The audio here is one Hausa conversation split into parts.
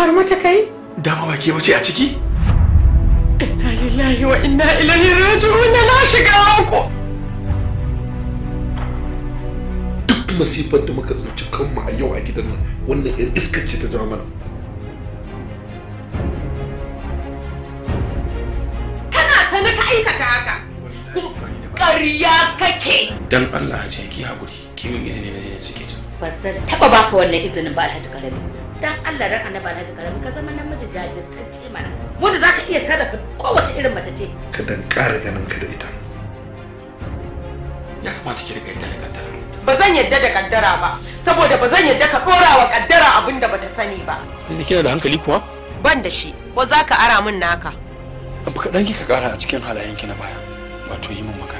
faru mata kai? Dama ba ke wuce a ciki? Inna lillahi wa inna ilaihi raji'un na shiga ku. Duk masifar da muka tsinci kanmu a yau a gidan nan wannan yar iskar ce ta jawo mana. Kana sanar ka aikata haka? Ƙarya kake. Dan Allah ji ki haƙuri, ki min izini na je na cike ta. Ba zan taɓa baka wannan izinin ba Alhaji Karami. dan Allah dan Annabi na ji karami ka zama namiji jajirtacce mana wanda zaka iya sarrafa kowace irin mace ce ka dan ƙara ganin ka da ita ya kamata ki riga da kaddara ba zan yadda da kaddara ba saboda ba zan yadda ka dora wa kaddara abin da bata sani ba ni kina da hankali kuwa ban da shi ko zaka ara min naka abu kaɗan kika ƙara a cikin halayenki na baya wato yi min magana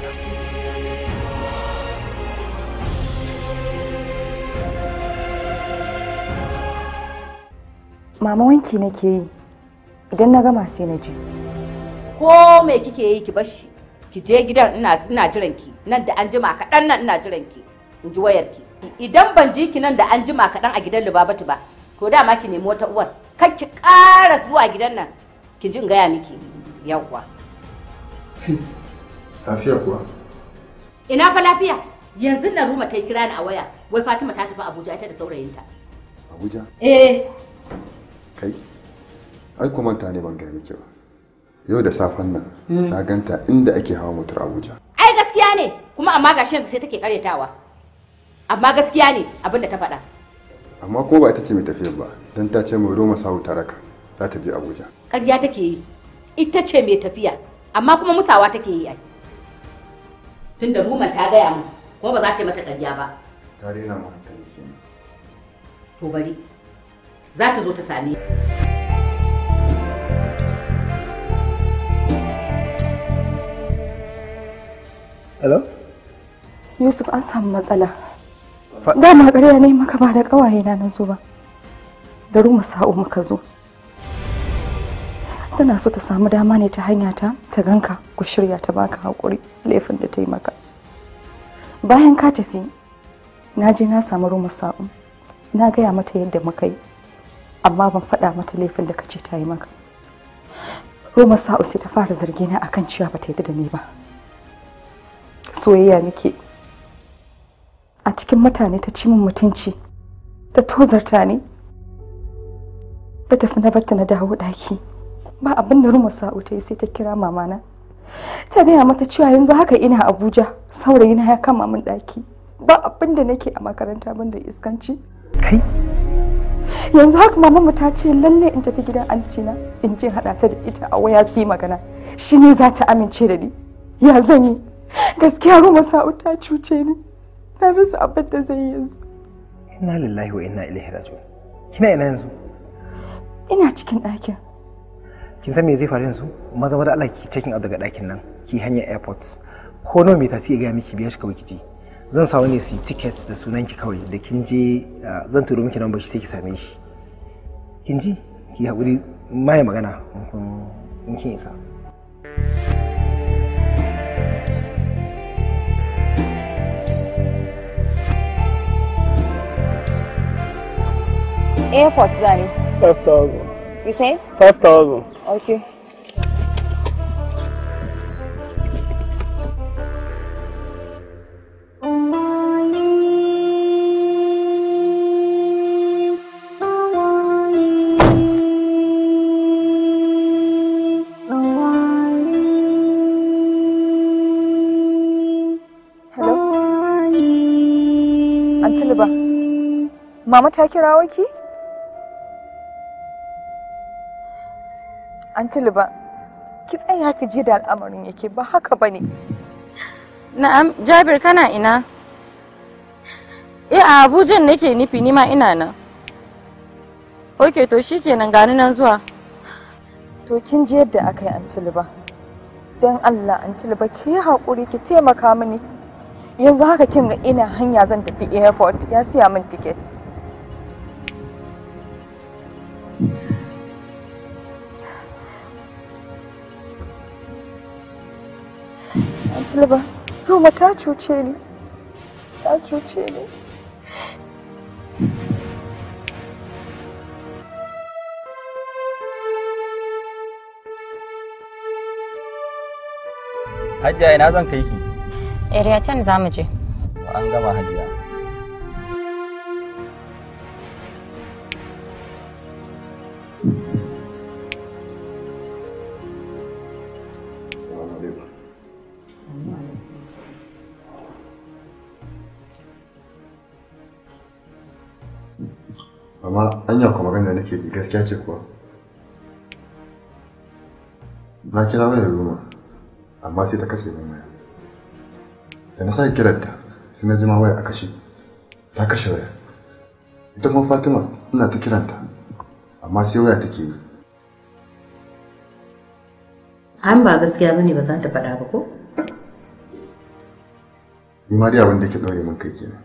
Mama wanki nake yi. Idan na gama sai na je. Ko me kike yi ki bashi? Ki je gidan ina ina jiran ki. Nan da an jima kaɗan nan ina jiran ki. In ji wayar ki. Idan ban ji ki nan da an jima kaɗan a gidan Lubabatu ba, to dama ki nemi wata uwar. Kar ki ƙara zuwa gidan nan. Ki ji in gaya miki. Yawwa. Hmm. Lafiya kuwa? Ina fa lafiya? Yanzu nan Ruma ta kira ni a waya. Wai Fatima ta tafi Abuja ita da saurayinta. Abuja? Eh. kai ai ku manta ne ban gaya miki ba yau da safen nan na ganta inda ake hawa motar abuja ai gaskiya ne kuma amma gashi yanzu sai take karetawa amma gaskiya ne abinda ta faɗa amma ko ba ita ce mai tafiyar ba don ta ce mai roma sawu taraka za ta je abuja ƙarya take yi ita ce mai tafiya amma kuma musawa take yi ai da roma ta gaya mu ko ba za ta yi mata ƙarya ba ta rena mu hankali to bari za ta zo ta same Hello? Yusuf an samu matsala. Dama ƙarya ne maka ba da ƙawaye na na zo ba. Da ruma sa'o muka zo. Tana so ta samu dama ne ta hanya ta ta ganka ku shirya ta baka haƙuri laifin da ta yi maka. Bayan ka tafi, na je na samu ruma sa'o. Na gaya mata yadda muka yi. amma ban faɗa mata laifin da kace ta yi maka Roma sa'u sai ta fara zargi na akan cewa ba ta yi da ni ba soyayya nake a cikin mutane ta ci min mutunci ta tozarta ni ta tafi na batta na dawo ɗaki ba abin da Roma sa'u ta yi sai ta kira mamana ta gaya mata cewa yanzu haka ina abuja saurayina ya kama min ɗaki ba abin da nake a makaranta ban da iskanci kai yanzu haka mamanmu ta ce lalle in tafi gidan antina in je haɗa ta da ita a waya su yi magana shi ne za ta amince da ni ya zan yi gaskiya roma sa'u ta cuce ni na rasa abin da zai yanzu ina lillahi wa ina ilaihi raji'un kina ina yanzu ina cikin ɗakin kin san me zai faru yanzu maza maza Allah ki checking out daga ɗakin nan ki hanyar airport ko nawa mai tasiri ga miki biya shi kawai zan sawo ne su yi tickets da ki kawai da kin je ah, zan turo miki nan shi sai ki same shi kin ji ki haƙuri mai magana in kin isa airport zani 5000 you say 5000 okay Mama ta kirawo ki? Antiliba, ki tsaya ki ji da al'amarin yake ba haka ba ne. Na'am, Jabir kana ina? Eh a Abuja nake nufi ni ma ina nan. Ok, to shikenan gani nan zuwa. To kin ji yadda aka yi Antiliba. Don Allah Antiliba ki haƙuri ki taimaka mini. Yanzu haka kin ga ina hanya zan tafi airport ya siya min tiket. Silba, Roma ta cuce ni. Ta cuce ni. Hajiya ina zan kai ki? Eriya can za mu je. An gama hajiya. nake ji gaskiya ce kuwa na kira wayar roma amma sai ta kasa min waya da na sake kiranta sai na ji waya a kashe ta kashe waya ita kuma fatima ina ta kiranta amma sai waya ke yi an ba gaskiya bane ba za ta faɗa ba ko ni ma dai abin da ke ɗaure min kai kenan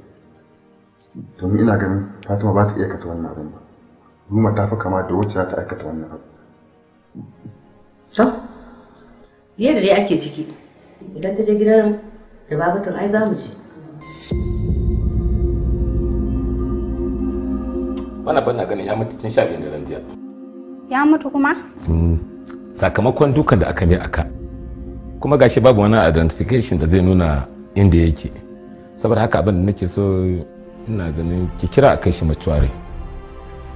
domin ina ganin fatima ba ta iya kata wannan abin ba Ruma ta fi kama da wacce za ta aikata wannan abu. To, biyar da dai ake ciki, idan ta je gidan da babatun ai za mu ci. Bana ban na ganin ya mutu tun sha biyun da rantiya. Ya mutu kuma? Hmm. Sakamakon dukan da aka ne aka. Kuma gashi babu wani identification da zai nuna inda yake. Saboda haka abin da nake so ina ganin ki kira a kai shi mutuware.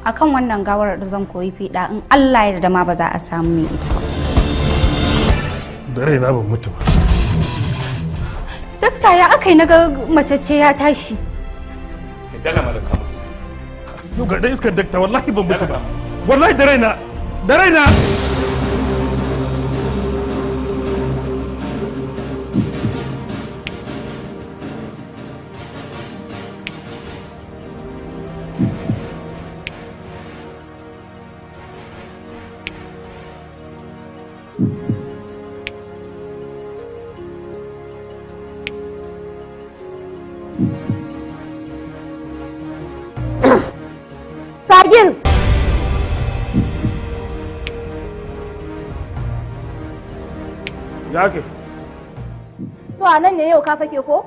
akan wannan gawar da zan koyi fiɗa in Allah ya ma ba za a samu mai ita ba. Da raina ban mutu ba. Dokta ya aka yi na ga macece ya tashi. Ka dala malaka mutu. Yau ga iskar dakta wallahi ban mutu ba. Wallahi da raina. Da raina. yau ka fake ko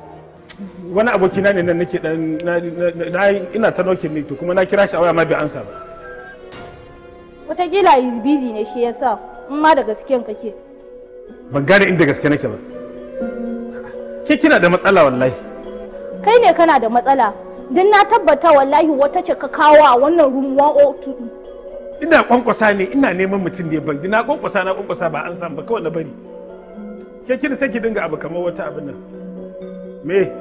wani abokina ne nan nake dan ina ta nauke ne to kuma na kira shi a waya ma bai ansa ba wataƙila is busy ne shi yasa in ma da gaskiyan kake ban gane inda gaske nake ba ke kina da matsala wallahi kai ne kana da matsala don na tabbata wallahi wata ce ka kawo a wannan room 102 ina kwankwasa ne ina neman mutum ne ban na kwankwasa na kwankwasa ba an san ba kawai na bari ke kin sai ki dinga abu kamar wata abin nan me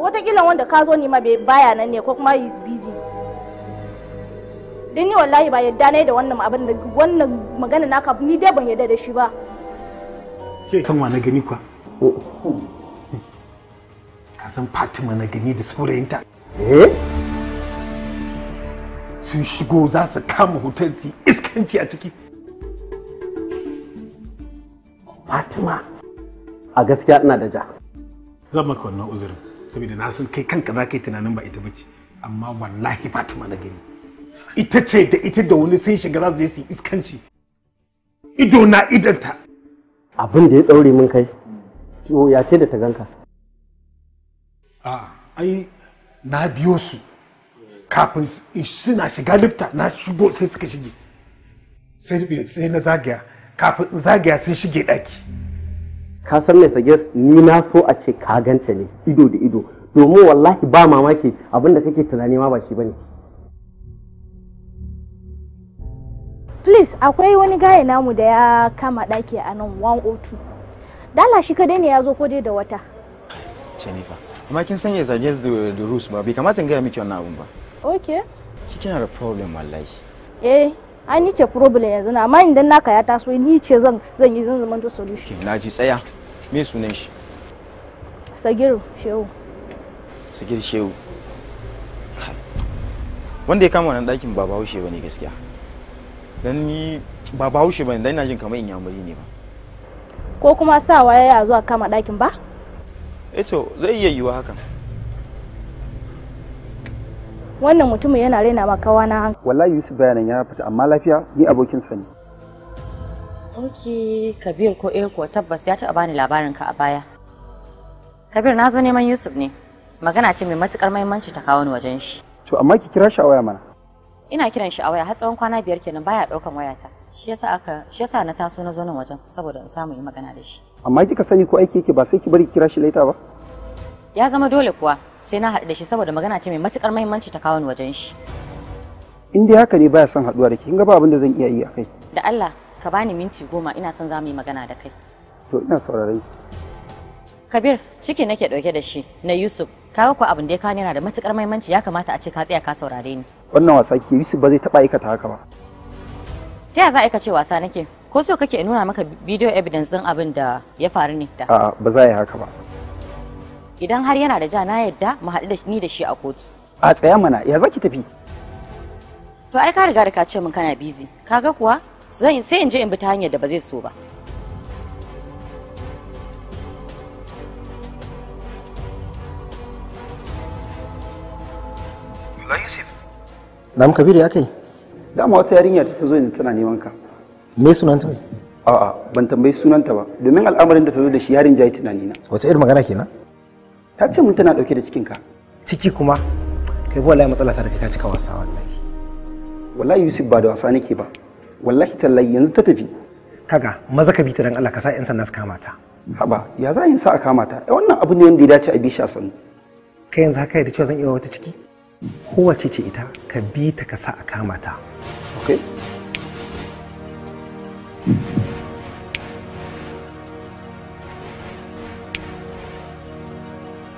watakila wanda ka zo nima baya nan ne ko kuma is busy dan ni wallahi ba yadda na da wannan abin da wannan magana naka ni dai ban yadda da shi ba ke san wa na gani kwa oh. ka san Fatima na gani da saurayinta eh sun shigo za su kama hotel su iskanci a ciki Fatima a gaskiya ina da ja zan maka wannan uzurin saboda na san kai kanka za ka yi tunanin ba ita bace amma wallahi fatima na gani ita ce da ita da wani sai shiga za su je yi iskanci ido na idanta abin da ya daure min kai to ya ce da ta ganka a ai na biyo su kafin suna shiga lifta na shigo sai suka shige sai na zagaya kafin zagaya sun shige daki ka san mai sagir ni na so a ce ka ganta ne ido da ido domin wallahi ba mamaki abin da kake tunani ma ba shi bane please akwai wani gaya namu da ya kama daki a nan 102 dala shi kadai ne ya zo kodai da wata jennifer amma kin san yes zage da da Rus ba bai kamata in gaya miki wannan abun ba okay kina da problem wallahi eh an ce problem yanzu na amma idan naka ya taso ni ce zan zan yi zan zama to solution na ji tsaya me sunan shi sagiru shehu sagiru shehu wanda ya kama wannan ɗakin ba bahaushe ba ne gaskiya don ni ba bahaushe ba ne don ina jin kamar in yamuri ne ba ko kuma sawa ya zuwa kama ɗakin ba eto eh zai iya yiwa hakan wannan mutumin yana raina ma kawana hankali wallahi yusuf bayanan ya fita amma lafiya ni abokin sani ne ok kabir ko eh ko tabbas ya taɓa bani labarin ka a baya kabir na zo neman yusuf ne magana ce mai matukar mahimmanci ta kawo ni wajen shi to amma ki kira shi a waya mana ina kiran shi a waya har tsawon kwana biyar kenan baya ɗaukan wayata shi yasa aka shi yasa na taso na zo nan wajen saboda in samu yi magana da shi amma kika sani ko aiki yake ba sai ki bari kira shi laita ba ya zama dole kuwa sai na haɗu da shi saboda magana ce mai matukar mahimmanci ta kawo ni wajen shi in dai haka ne baya son haɗuwa da ki kin ga ba abin da zan iya yi akai da Allah ka bani minti goma ina son za mu yi magana da kai to ina saurari. kabir ciki nake dauke da shi na yusuf kaga ku abin da ya kawo yana da matukar maimanci ya kamata a ce ka tsaya ka saurare ni wannan wasa ke yusuf ba zai taba aikata haka ba ta yaya za a ce wasa nake ko so kake nuna maka video evidence din abin da ya faru ne da A'a, ba za a yi haka ba idan har yana da ja na yadda mu haɗu da ni da shi a kotu a tsaya mana ya zaki tafi to ai ka riga da ka ce min kana busy kaga kuwa sai in je in bi ta hanyar da ba zai so ba Na'am Kabiru ya kai. Dama wata yarinya ta zo yanzu tana neman ka. Me sunanta bai? A'a, ban tambayi sunanta ba. Domin al'amarin da ta zo da shi yarin jayi tunani na. Wace irin magana kenan? Ta ce mun tana dauke da cikin ka. Ciki kuma? Kai wallahi matsala ta da kai ka cika wasa wallahi. Wallahi Yusuf ba da wasa nake ba. wallahi tallai yanzu ta tafi kaga maza ka bita ta dan Allah ka sa yan sanda su kama ta haba ya za yin sa a kama ta wannan abu ne wanda ya dace a bi shi a sannu kai yanzu haka da cewa zan iya wata ciki kowace ce ita ka bi ta ka sa a kama ta okay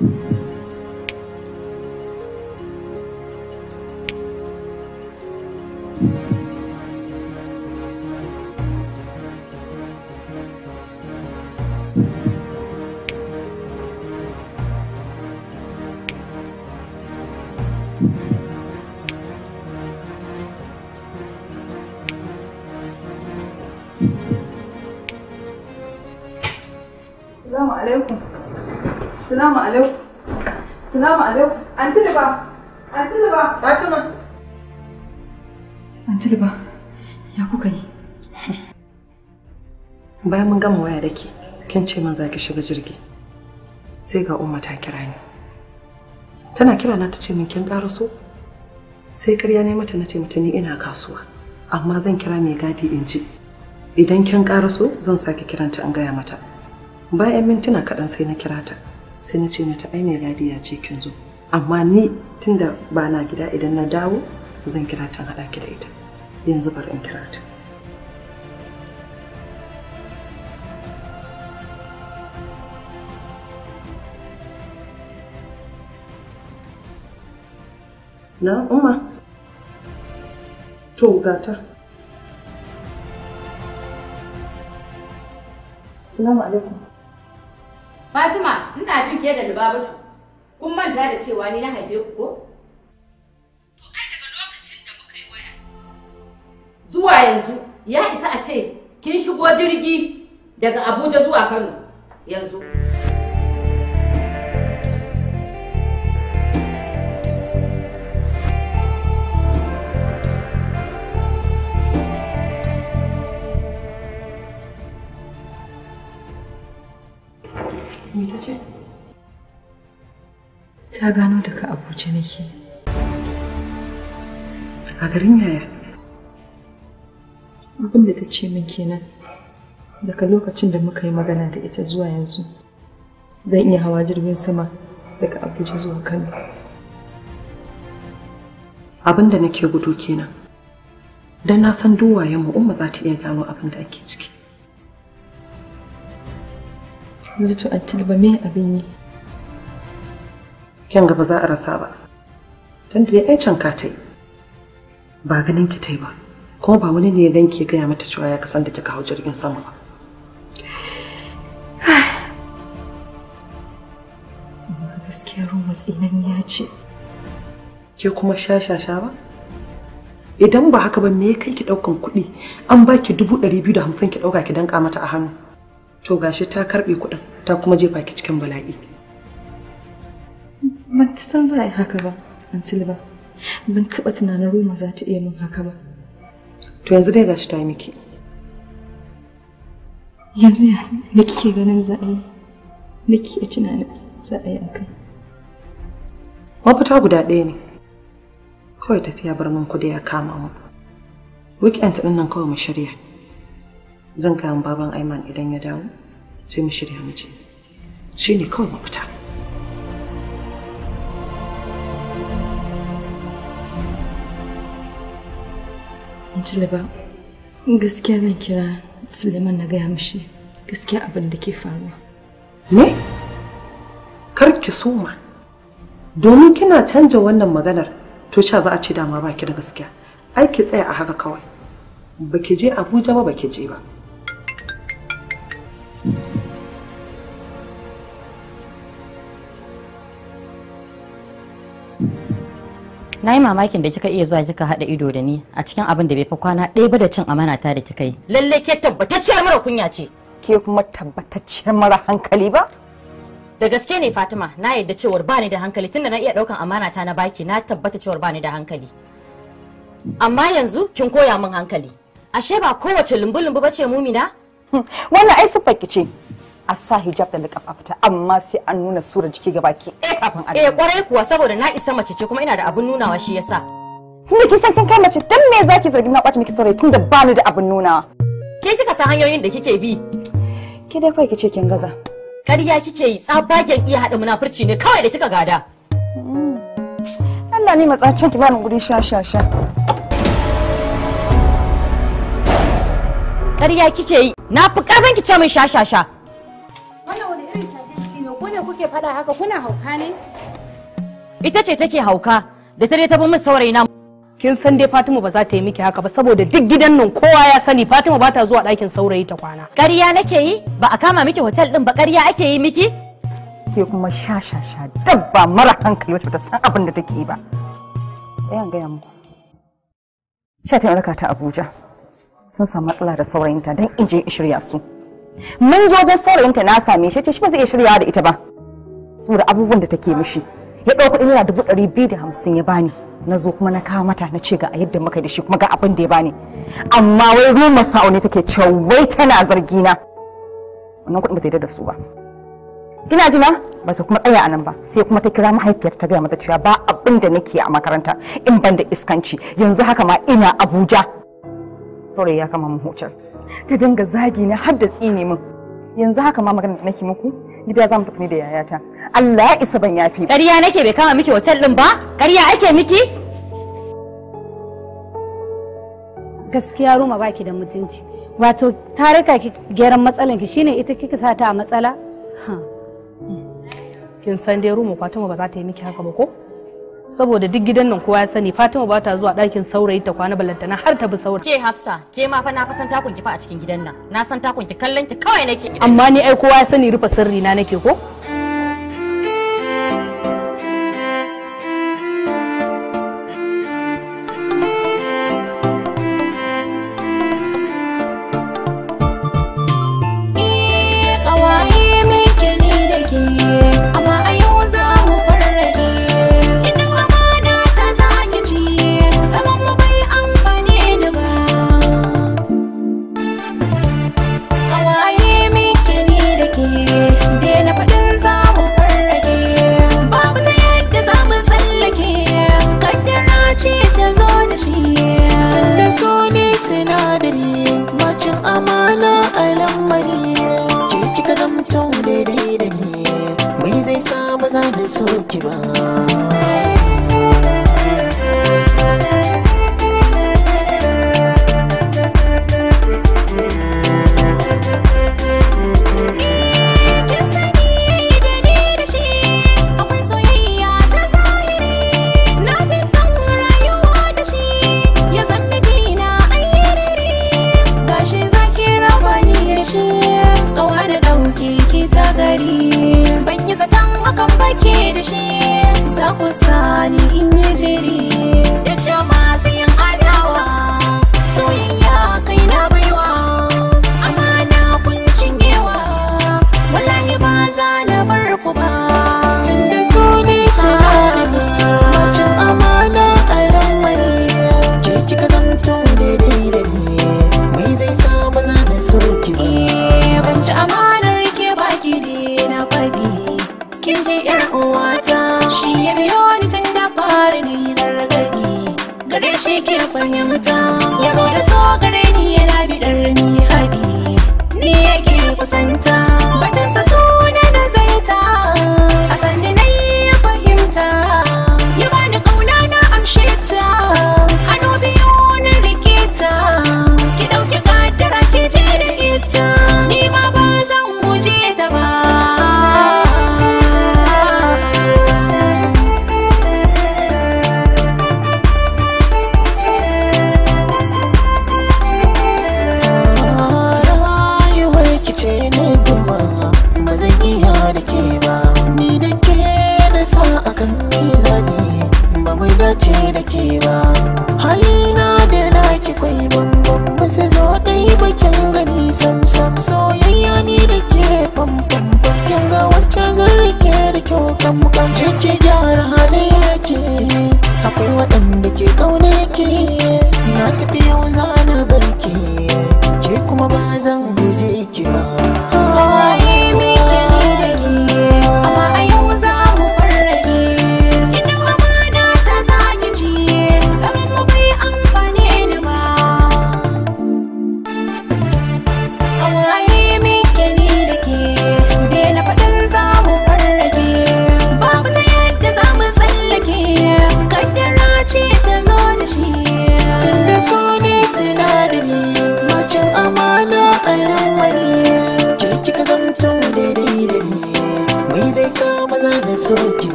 thank you mun gama waya da ke kin ce man za shiga jirgi sai ga umma ta kira ni tana kira na ta ce min kin karaso sai karya ne mata na ce mata ina kasuwa amma zan kira mai gadi in ji idan kin karaso zan sake kiranta in gaya mata bayan mintuna kaɗan sai na kira ta sai na ce mata ai mai gadi ya ce kin zo amma ni tunda ba na gida idan na dawo zan kira ta haɗa ki da ita yanzu bar in kira ta na umma to gata Assalamu alaikum. Fatima, ina jin ke da libabatu Kun manta da cewa ni na haife ku ko? To ai daga lokacin da muka yi waya. Zuwa yanzu ya isa a ce kin shigo jirgi daga Abuja zuwa Kano yanzu. ta gano daga abuja nake a garin yaya abin da ta ce min kenan daga lokacin da muka yi magana da ita zuwa yanzu zan iya hawa jirgin sama daga abuja zuwa kano abin da nake gudu kenan don na san duwayen mu umma za ta iya gano abin da ake ciki yanzu to an me abin yi kyan gaba za a rasa ba don da ai ka ta yi ba ganin ki ta yi ba kuma ba wani ne ya ganki gaya mata cewa ya kasan da kika hau jirgin sama ba gaskiya ruwa tsinan ya ce ke kuma sha ba idan ba haka ba me ya kai ki daukan kuɗi an baki dubu ɗari biyu da hamsin ki ɗauka ki danka mata a hannu to gashi ta karɓe kuɗin ta kuma jefa ki cikin bala'i Ban ta san za a yi haka ba, an silba. Ban taɓa tunanin Roma za ta iya min haka ba. To yanzu dai gashi ta yi miki. Yanzu ya me kike ganin za a yi? Me kike tunanin za a yi a kai? Mafita guda ɗaya ne. Kawai tafiya bar min kudi ya kama mu. Weekend ɗin nan kawai mu shirya. Zan kawo baban Aiman idan ya dawo sai mu shirya mu je. Shi ne kawai mafita. Jule ba, gaskiya zan kira Suleiman na gaya mishi gaskiya abin da ke faruwa. Me? Kar ki soma. Domin kina canja wannan maganar, to sha za a ce dama baki da gaskiya. Ai ki tsaya a haka kawai. Baki je Abuja ba baki je ba. na yi mamakin da kika iya zuwa kika haɗa ido da ni a cikin abin da bai fa kwana ɗaya ba da cin amana ta da kika yi lalle ke tabbatacciyar mara kunya ce ke kuma tabbatacciyar mara hankali ba da gaske ne fatima na yadda cewar bani da hankali tunda na iya ɗaukan amana ta na baki na tabbata cewar bani da hankali amma yanzu kin koya min hankali ashe ba kowace lumbu-lumbu ba ce mumina wannan ai siffar ce a sa hijab da niqab fita amma sai an nuna sura jiki ga baki eh kafin a eh kwarai kuwa saboda na isa mace ce kuma ina da abun nunawa shi yasa Tun ki san kin kai mace dan me zaki zargi na ɓata miki saurayi tunda ba ni da abun nunawa ke kika san hanyoyin da kike bi ke dai kawai kice kin gaza ƙarya kike yi tsabagen iya hada munafurci ne kawai da kika gada mm. Allah ne matsacin ki bani guri sha sha sha ƙarya kike yi na fi ƙarfin ki ce min sha sha sha kuke faɗa haka kuna hauka ne? Ita ce take hauka da ta dai ta min saurayina. Kin san dai Fatima ba za ta yi miki haka ba saboda duk gidan nan kowa ya sani Fatima ba ta zuwa ɗakin saurayi ta kwana. Ƙarya nake yi ba a kama miki hotel ɗin ba ƙarya ake yi miki? Ke kuma sha sha sha dabba mara hankali wacce ba ta san abin da take yi ba. Tsayan gaya muku. Sha ta raka ta Abuja. Sun samu matsala da saurayinta don in je in shirya su. Mun je wajen saurayinta na same shi ce shi ba zai iya shiryawa da ita ba. saboda abubuwan da take mishi ya ɗau kuɗin yana dubu ɗari biyu da hamsin ya bani na zo kuma na kawo mata na ce ga a yadda muka da shi kuma ga abin da ya bani amma wai rumar sa'o ne take cewa wai tana zargi na wannan kuɗin ba ta yi da su ba ina jina ba ta kuma tsaya a nan ba sai kuma ta kira mahaifiyar ta gaya mata cewa ba abin da nake a makaranta in ban da iskanci yanzu haka ma ina abuja saurayi ya kama mu ta dinga zagi na har da tsine min yanzu haka ma magana da nake muku gida za mu tafi da yayata Allah ya isa ban yafi ƙarya nake bai kama miki hotel din ba ƙarya ake miki gaskiya ruma baki da mutunci wato ta ki gyaran matsalan ki shine ita kika sa ta a matsala kin san dai ruma fatima ba za ta yi miki haka ba ko saboda duk gidan nan kowa ya sani Fatima ba ta zuwa ɗakin saurayi ta kwana ballantana har ta bi saurayi ke Hafsa ke ma fa na fa san takun ki fa a cikin gidan nan na san takun ki kallon ki kawai nake amma ni ai kowa ya sani rufe sirri na nake ko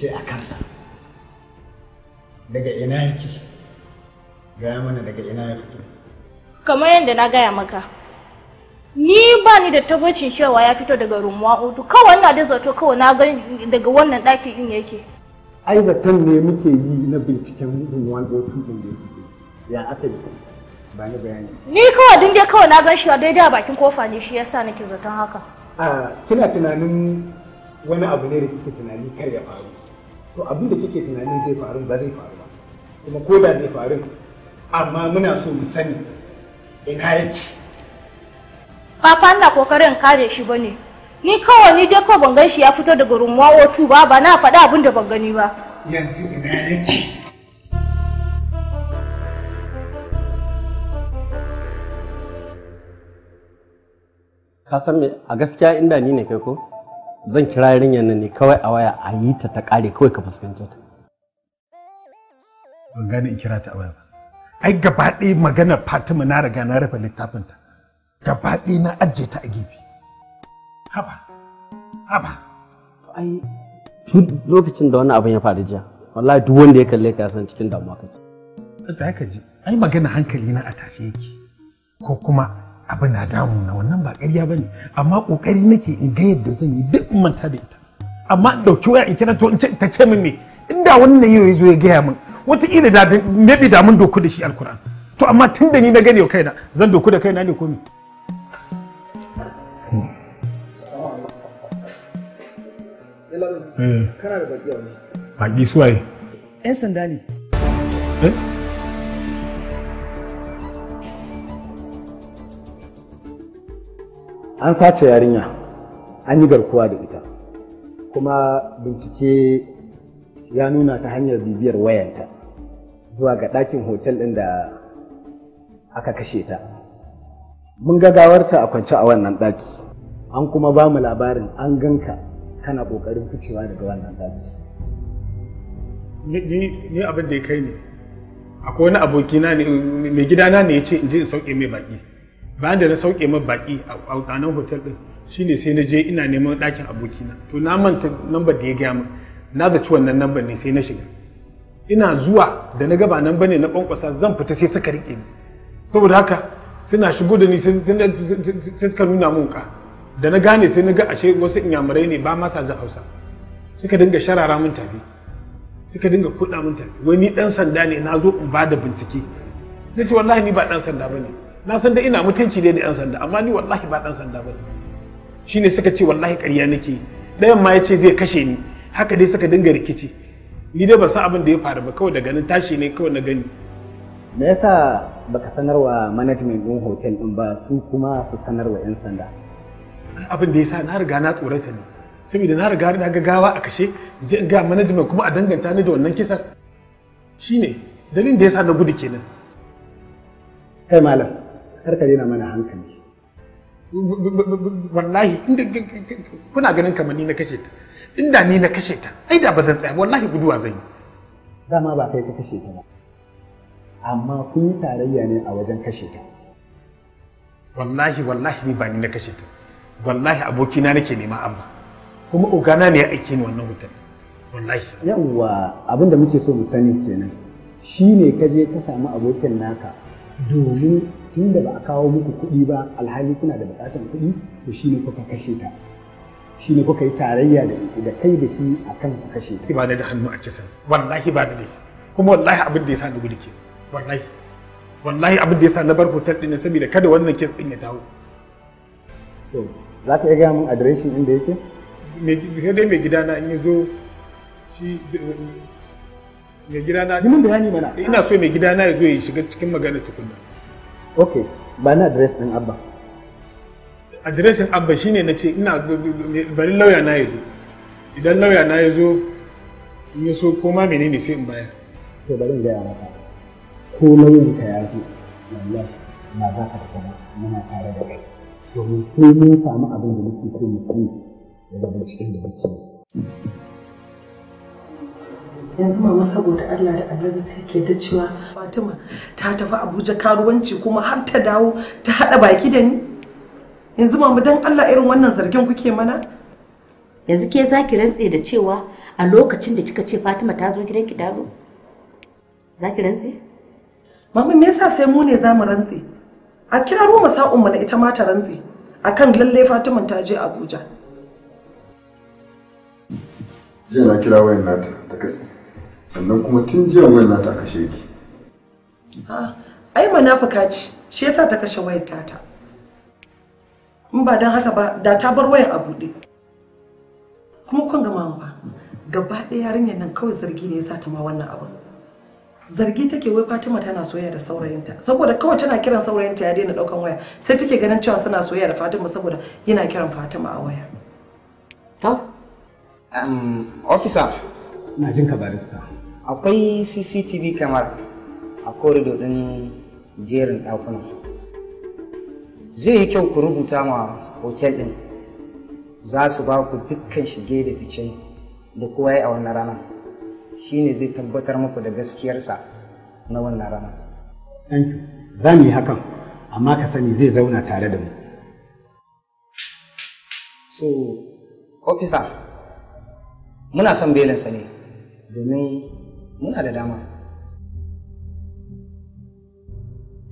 bincike a kansa daga ina yake gaya mana daga ina ya fito kamar yadda na gaya maka ni ba ni da tabbacin cewa ya fito daga rumuwa utu kawai na da zato kawai na gan daga wannan ɗakin in yake ai zaton ne muke yi na binciken rumuwa otu din yake ya aka yi ba ni bayani ni kawai din dai kawai na gan shi a daidai a bakin kofa ne shi yasa nake zaton haka a kina tunanin wani abu ne da kike tunani kar ya faru to abin da kike tunanin zai faru ba zai faru ba kuma ko da zai faru amma muna so mu sani ina yake Papa na kokarin kare shi bane ni kawai ni dai ko ban gan shi ya fito daga rumuwa otu oh ba ba na faɗa abin da ban gani ba yanzu ina yake ka san me a gaskiya inda ni ne kai ko zan kira yarinyar nan ne kawai a waya a yi ta ta kare kawai ka fuskanci ta ban gane in kira ta a waya ba ai gaba ɗaya magana fatima na riga na rufe ta. gaba ɗaya na ajiye ta a gefe haba haba ai tun lokacin da wani abin ya faru jiya wallahi duk wanda ya kalle ka san cikin damuwa kake ta haka ji ai magana hankali na a tashe yake ko kuma abin na damu na wannan ba ƙarya bane amma ƙoƙari nake in ga yadda zan yi duk manta da ita amma in ɗauki waya in kira to in ce ta ce min me inda wannan yau ya zo ya gaya min wataƙila da maybe da mun doku da shi alkuran to amma tun da ni na gane kaina zan doku da kaina ne ko me eh. kana da baki suwaye 'yan sanda ne eh an sace yarinya an yi garkuwa da ita kuma bincike ya nuna ta hanyar bibiyar wayanta zuwa ga ɗakin hotel ɗin da aka kashe ta mun gagawarta a kwance a wannan ɗaki an kuma ba mu labarin an ganka kana ƙoƙarin ficewa daga wannan ɗaki ni abin da ya kai ne akwai wani abokina ne mai gidana ne ya ce in je in sauke mai baƙi bayan da na sauke ma baki a ɗanan hotel ɗin shine sai na je ina neman ɗakin abokina to na manta nambar da ya gaya min na da ci wannan nambar ne sai na shiga ina zuwa da na gaba nan bane na ƙwanƙwasa zan fita sai suka riƙe ni saboda haka suna shigo da ni sai suka nuna mun ka da na gane sai na ga ashe wasu inyamurai ne ba masa jin hausa suka dinga sharara mun tafi suka dinga kuɗa mun tafi wai ni ɗan sanda ne na zo in ba da bincike na ce wallahi ni ba ɗan sanda ba ne na san da ina mutunci ne da yan sanda amma ni wallahi ba dan sanda bane shine suka ce wallahi ƙarya nake ɗayan ma ya ce zai kashe ni haka dai suka dinga rikici ni dai ba san abin da ya faru ba kawai da ganin tashi ne kawai na gani me yasa baka sanarwa management din hotel din ba su kuma su sanarwa yan sanda abin da yasa na riga na tsorata ne saboda na riga na ga gawa a kashe je ga management kuma a danganta ni da wannan kisan shine dalilin da yasa na gudu kenan kai malam kar ka daina mana hankali wallahi inda kuna ganin kamar ni na kashe ta inda ni na kashe ta ai da ba zan tsaya wallahi guduwa zan yi dama ba kai ka kashe ta ba amma kun yi tarayya ne a wajen kashe ta wallahi wallahi ni ba ni na kashe ta wallahi abokina nake nema amma kuma ogana ne ya aike ni wannan hotel wallahi yawwa abin da muke so mu sani kenan shine ka je ka samu abokin naka domin tun da ba a kawo muku kuɗi ba alhali kuna da buƙatar kuɗi to ne kuka kashe ta shine kuka yi tarayya da kai da shi akan ku kashe ta ba da hannu a kisan wallahi ba da shi kuma wallahi abin da ya sa ni gudu ke wallahi wallahi abin da ya sa na bar hotel din saboda kada wannan kes din ya dawo. to za ka iya gaya min adireshin inda yake sai dai mai gidana in ya zo shi mai gidana yi min bayani mana ina so mai gidana ya zo ya shiga cikin magana tukunna ok ba na adres din abba adireshin abba shine na ce ina bari lauya na ya zo idan lauya na ya zo in ya so koma menene sai in baya. to bari in gaya maka ko lauyan ka ya zo wallahi na za ka fita ba muna tare da kai domin sai mun samu abin da muke so mu sani daga cikin da muke yi yanzu mama saboda Allah da Annabi sai ke da cewa Fatima ta tafi Abuja karuwanci kuma har ta dawo ta hada baki da ni yanzu mama dan Allah irin wannan zargin kuke mana yanzu ke zaki rantse da cewa a lokacin da kika ce Fatima ta zo gidanki ta zo zaki rantse mama me yasa sai mu ne mu rantse a kira ruwa sa'un na ita ma ta rantse akan lalle Fatima ta je Abuja jiya na kira wayan nata da kasi sannan kuma tun jiya wayar na ta kashe ki ah, ai munafuka ce shi yasa ta kashe wayar tata in ba don haka ba da ta bar wayar a buɗe kuma kun mama ba gaba ɗaya yarinyar nan kawai zargi ne yasa ta ma wannan abin zargi take wai Fatima tana soyayya da saurayinta saboda kawai tana kiran saurayinta ya daina daukan waya sai take ganin cewa suna soyayya da Fatima saboda yana kiran Fatima a waya to um officer na jin ka barista akwai cctv kamar a korido ɗin jerin ɗakunan zai yi kyau ku rubuta ma hotel ɗin za su ba ku dukkan shige da fice da kowa a wannan rana shine zai tabbatar muku da gaskiyarsa na wannan rana za mu yi hakan amma ka sani zai zauna tare da mu so officer muna son belinsa ne domin muna da dama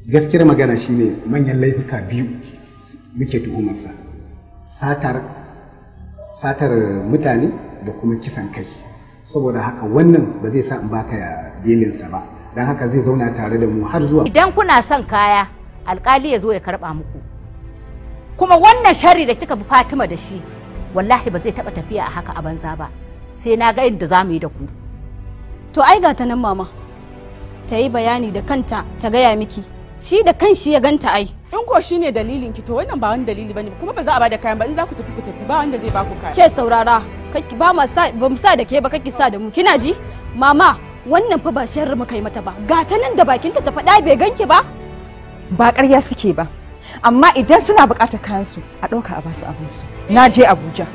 gaskiyar magana shine manyan laifuka biyu muke tuhumarsa satar satar mutane da kuma kisan kai saboda haka wannan ba zai sa in baka belinsa ba don haka zai zauna tare da mu har zuwa idan kuna son kaya alkali ya zo ya karɓa muku kuma wannan shari da kika fi Fatima da shi wallahi ba zai taɓa tafiya a haka a banza ba sai na ga inda za mu yi da ku to ai ga ta nan mama ta yi bayani da kanta ta gaya miki shi da kan shi ya ganta ai in ko shi ne dalilin ki to wannan ba wani dalili bane kuma ba za a bada kayan ba in za ku tafi ku tafi ba wanda zai baku kayan ke saurara kaki ba ma sa ba mu sa da ke ba kaki sa da mu kina ji mama wannan fa ba sharri muka yi mata ba ga ta nan da bakinta ta faɗa bai ganki ba ba ƙarya suke ba amma idan suna buƙatar kayan su a ɗauka a basu abin su na je abuja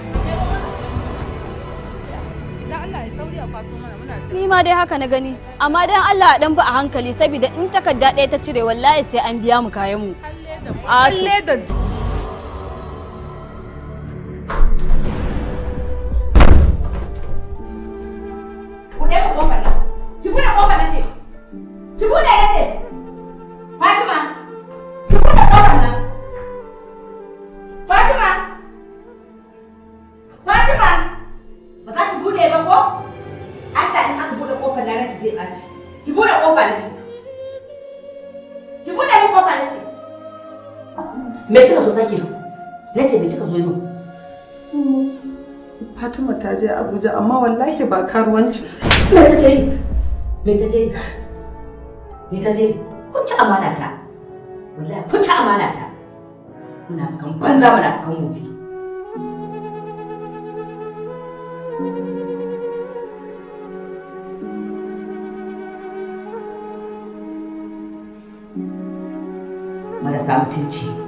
ni ma dai haka na gani amma dan Allah a dan bi a hankali saboda in takarda ɗaya ta cire wallahi sai an biya mu kayan mu na ki bude na ce ki bude ya ce me kika zo sake min na ce me kika zo min mm, Fatima ta je Abuja amma wallahi ba karuwanci me ta je me ta je me ta je kun ci amana ta wallahi kun ci amana ta muna kan banza muna kan gobe marasa mutunci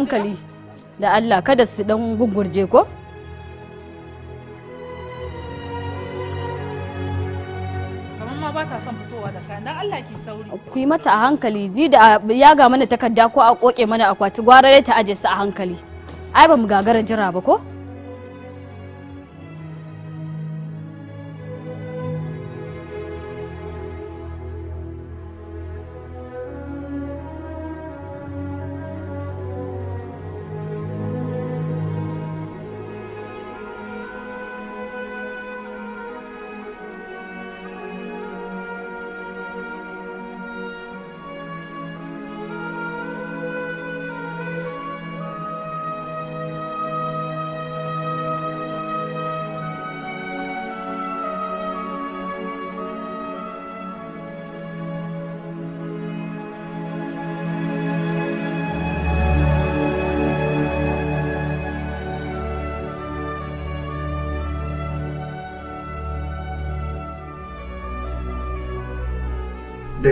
hankali da Allah kada su dan gugurje ko ku yi mata a hankali ni da ya ga mana takarda ko a koke mana akwati gwara ta aje su a hankali ai ba mu gagara jira ba ko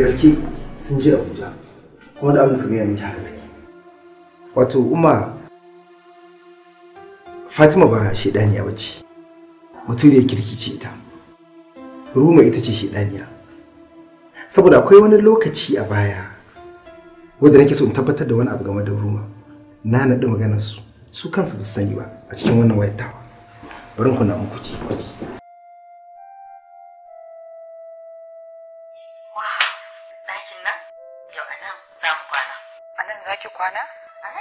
da gaske sun je abuja kuma da abin suka gaya miki haka suke wato umma fatima ba shaidaniya ba ce ne kirki ce ita ruma ita ce shaidaniya saboda akwai wani lokaci a baya wanda nake so in tabbatar da wani abu game da ruma na naɗi maganar su su kansu ba su sani ba a cikin wannan wayar tawa bari ku na muku ji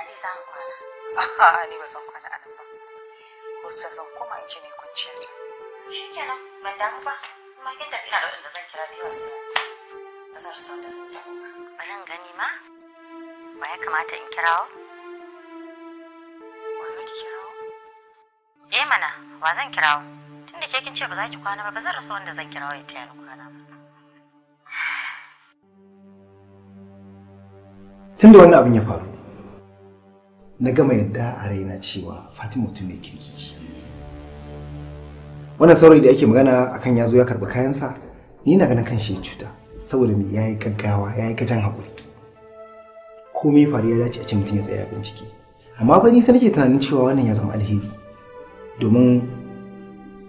daɗi za mu kwana a'a ni ba zan kwana anan ba hostel zan koma in ji ne kwanciya ta Shi kenan ban damu ba Amma kin tafi na da waɗanda zan kira ta su ba zan rasa wanda zan tafi ba bari in gani ma ba ya kamata in kirawo wa za ki kirawo eh mana wa zan kirawo da ke kin ce ba za ki kwana ba ba zan rasa wanda zan kirawo ya taya ni kwana ba Tun da wannan abin ya faru na gama yadda a raina cewa fatima tun mai kirki ce wannan saurayi da ake magana akan ya zo ya karɓi kayansa ni na ganin kan shi ya cuta saboda mai ya yi gaggawa ya yi gajan haƙuri komai faru ya dace a ce mutum ya tsaya bincike amma fa ni sai nake tunanin cewa wannan ya zama alheri domin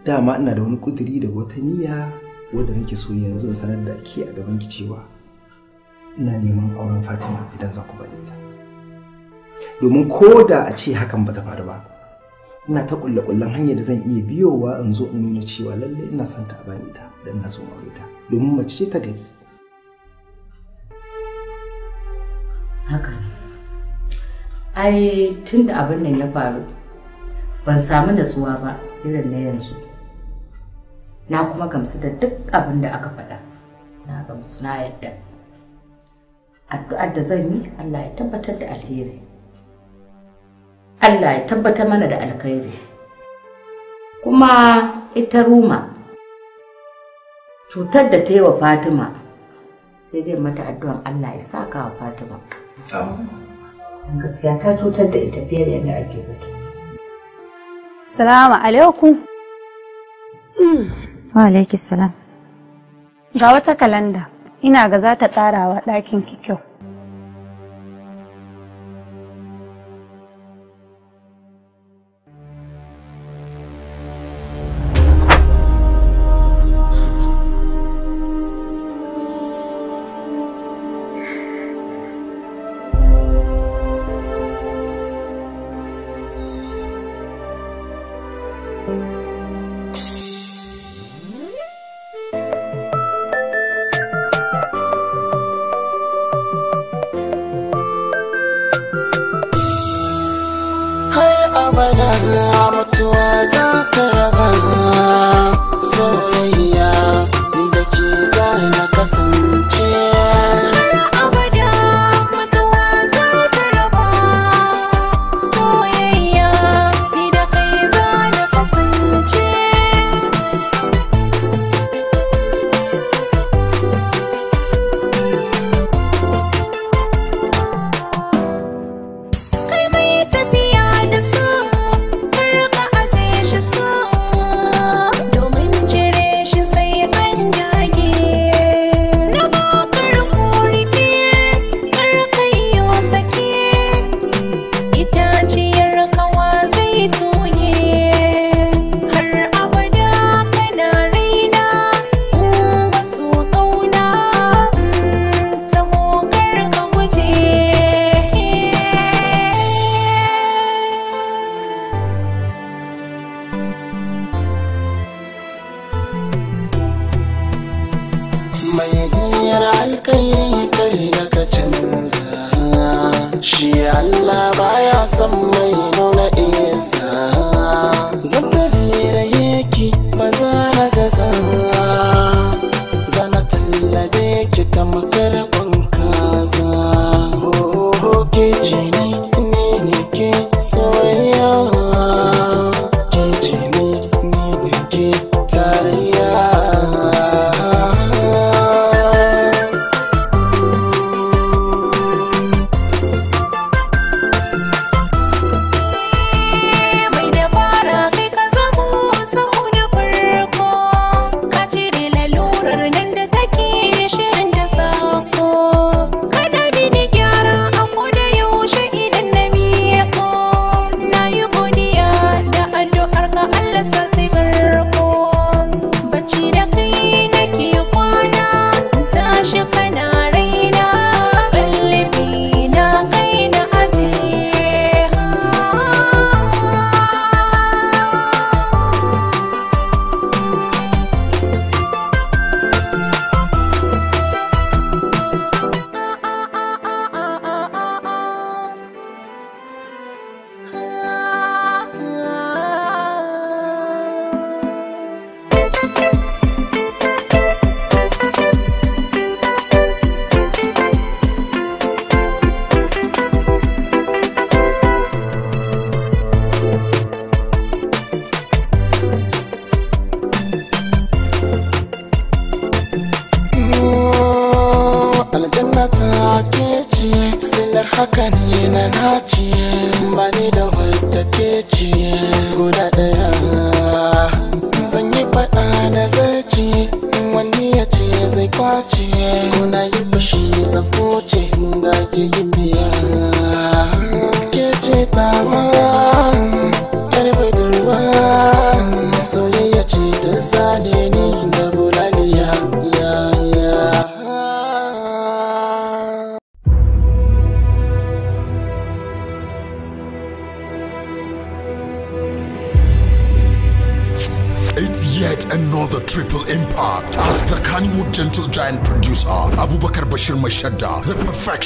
dama ina da wani kudiri da wata niyya wadda nake so yanzu sanar da ke a gaban ki cewa ina neman auren fatima idan za ku bane ta domin ko da a ce hakan ba ta faru ba ina ta kulle kullen hanyar da zan iya biyowa in zo in nuna cewa lalle ina son ta bani ita da ina son aure ta domin mace ce ta gari haka ne ai tun abin nan ya faru ban samu natsuwa ba irin na yanzu na kuma gamsu da duk abin da aka faɗa na gamsu na yadda addu'ar da zan yi Allah ya tabbatar da alheri Allah ya tabbatar mana da alkhairi kuma ita ruma cutar da ta yi wa fatima sai dai mata addu'an Allah ya saka wa fatima gaskiya ta cutar da ita fiye da yadda ake zato salamu alaikum wa alaikis salam ga wata kalanda ina ga za ta ƙara wa ɗakin ki kyau change.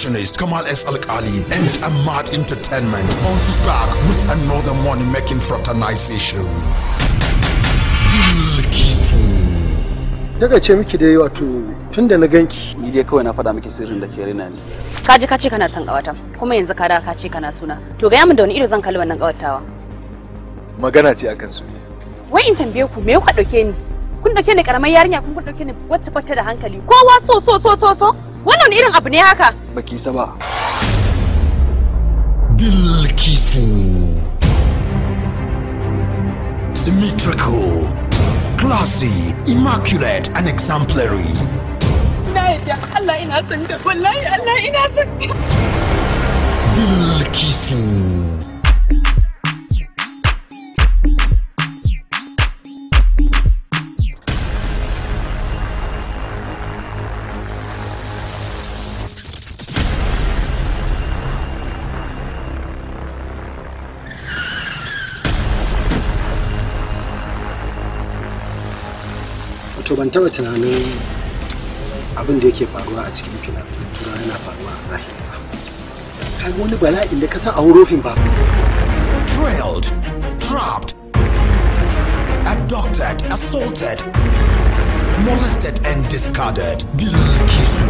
revolutionist Kamal S. al Ali and Ahmad Entertainment bounces back with another money-making fraternization. daga ce miki dai wato tun da na ganki ni dai kawai na faɗa miki sirrin da ke rina ni ka ji ka ce kana son ƙawata kuma yanzu ka da ka ce kana suna to ga min da wani ido zan kalli wannan ƙawatawa magana ce akan su wai in tambaye ku me kuka ɗauke ni kun ɗauke ni karamar yarinya kun ɗauke ni wacce kwatta da hankali kowa so so so so so Wannan irin abu ne haka? Baki sa ba. Bilkisu. Symmetrical, classy, immaculate and exemplary. Allah ina son ta. wallahi Allah ina son ta. Bilkisu. ban taba tunanin abin da yake faruwa a cikin fina tura yana faruwa a zahiri ba kai wani bala'in da kasa a wurofin ba trailed trapped abducted assaulted molested and discarded bilkisu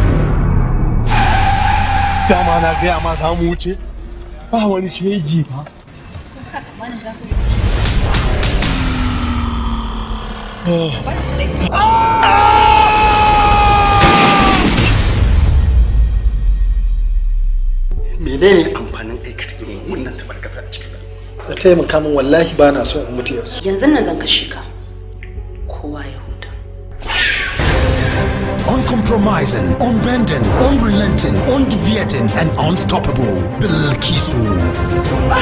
dama na gaya ma za mu wuce ba wani shegi ba menene amfanin aikata irin wannan tabar kasa a cikin da taimaka min wallahi ba na so in mutu yanzu yanzu nan zan kashe ka kowa ya huta uncompromising unbending unrelenting undeviating and unstoppable bilkisu ah!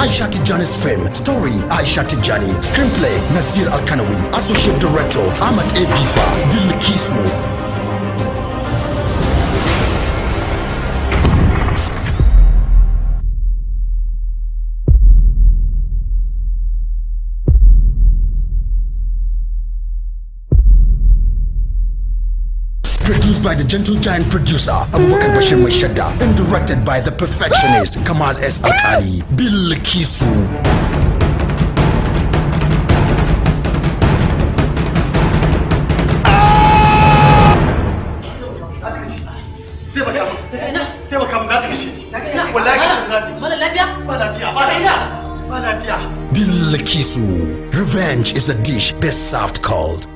Aisha Tijani's film. Story Aisha Tijani. Screenplay Nasir Alkanawi. Associate Director Ahmad A. Bifa. Dilkisu. the gentle giant producer Abubakar Bashir Mashada and directed by the perfectionist Kamal S. Atali. Bill Kisu. Ah! Bilkisu. Revenge is a dish best served cold.